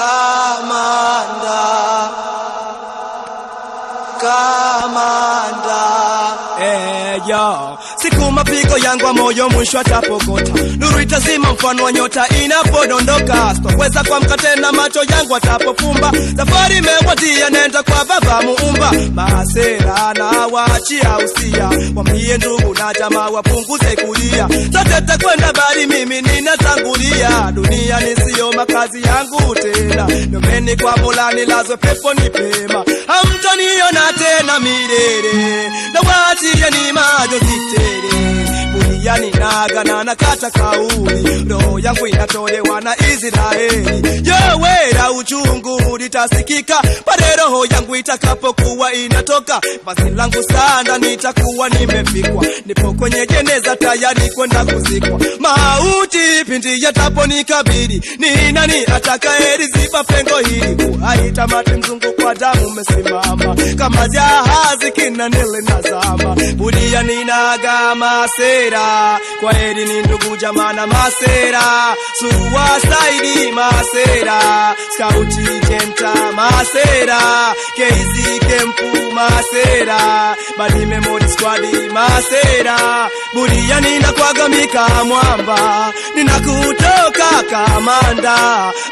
kamanda kamanda eh, yo siku mapigo yangu wa moyo mwisho atapokota, nuru itazima mfano wa nyota inapodondoka. Sitoweza kuamka tena, macho yangu atapofumba, safari imewadia, nenda kwa Baba Muumba. maserana kuachia usia, wambie ndugu na jamaa wapunguze kulia. Tateta kwenda bali mimi ninatangulia. Dunia nisiyo makazi yangu tena, nomeni kwa Mola nilazwe peponi pema. Hamtaniona tena milele, na ni majonzi tele Yani naga na kata kauli, roho yangu inatolewa na Israeli. Yowe la uchungu litasikika roho yangu itakapokuwa inatoka basi langu sana nitakuwa nimefikwa, nipo kwenye jeneza tayari kwenda kuzikwa. Mauti pindi nikabidi, ni nani riziba pengo hili? Uhai tamati, mzungu kwa damu umesimama kama jahazi kinanele nazama, budia ninaga masera, kwa heri ni ndugu jamana, masera suwasaidi masera, skauti jenta masera Kezi Kempu Masera Bani Memory Squad Masera Buria ninakwaga mika mwamba Ninakutoka kamanda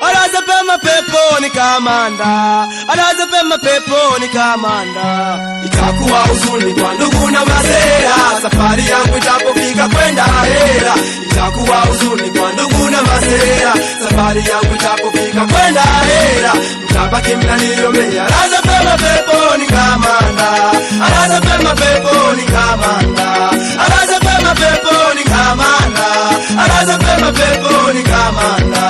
Alaza pema pepo ni kamanda Alaza pema pepo ni kamanda Itakuwa uzuni kwa ndugu na masera Safari yangu itapofika kwenda hera Itakuwa uzuni kwa ndugu na masera Safari yangu itapofika kwenda haki mnaniomea. Alaza pema peponi kamanda, alaza pema peponi kamanda, alaza pema peponi kamanda, alaza pema peponi kamanda.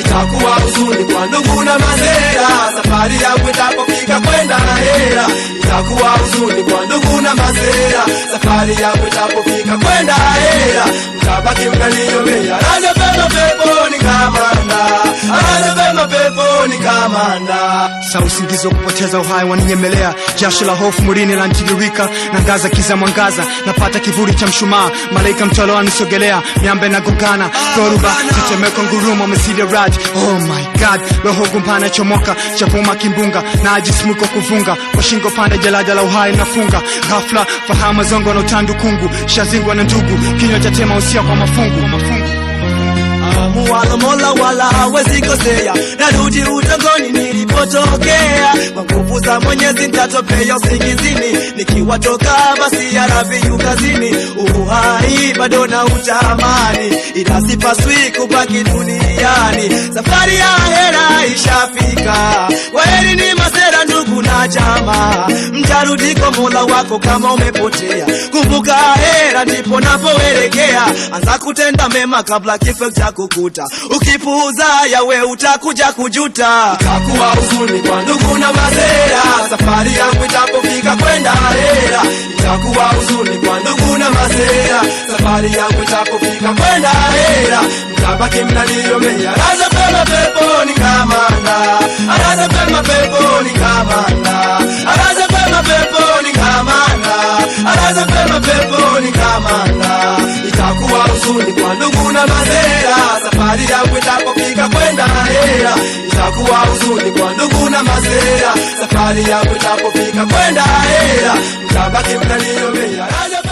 Itakuwa uzuri kwa ndugu na mazera, safari yangu itapofika kwenda na hera. Itakuwa uzuri kwa ndugu na mazera, safari yangu itapofika kwenda na hera. Mtabaki mnaniomea. kupanda sa usingizi wa kupoteza uhai waninyemelea, jasho la hofu murini lantiririka, na ngaza kiza mwangaza, napata kivuli cha mshumaa, malaika mtalo wanisogelea, miamba inagongana, dhoruba tetemeko, ngurumo mesidia raj. Oh my god, roho gumbana chomoka, chapuma kimbunga na ajisimuko kuvunga, kwa shingo pande, jalada la uhai nafunga, ghafla fahama zongo na utandu kungu, shazingwa na ndugu, kinywa cha usia kwa mafungu, kwa mafungu. Muwalo Mola wala hawezi kosea, narudi utotoni nilipotokea, kwa nguvu za Mwenyezi singizini usingizini, nikiwatoka basi ya Rabi yukazini, uhai bado na utamani, ila sipaswi kubaki duniani, safari ya hera ishafika, waheri ni masera ndugu na jamaa arudiko Mola wako kama umepotea. Kumbuka ahera ndipo napoelekea, anza kutenda mema kabla kifo cha kukuta. Ukipuuza yawe utakuja kujuta. Itakuwa huzuni kwa ndugu na mazera, safari yangu itapofika kwenda ahera. Itakuwa huzuni kwa ndugu na mazera, safari yangu itapofika kwenda ahera. Mtabaki mnaniomea, araza pema peponi kama na araza pema peponi kamanda Msituni kwa ndugu na mazera, safari yangu itakapofika kwenda hera. Itakuwa huzuni kwa ndugu na mazera, safari yangu itakapofika kwenda hera. Mtabaki mnaniomea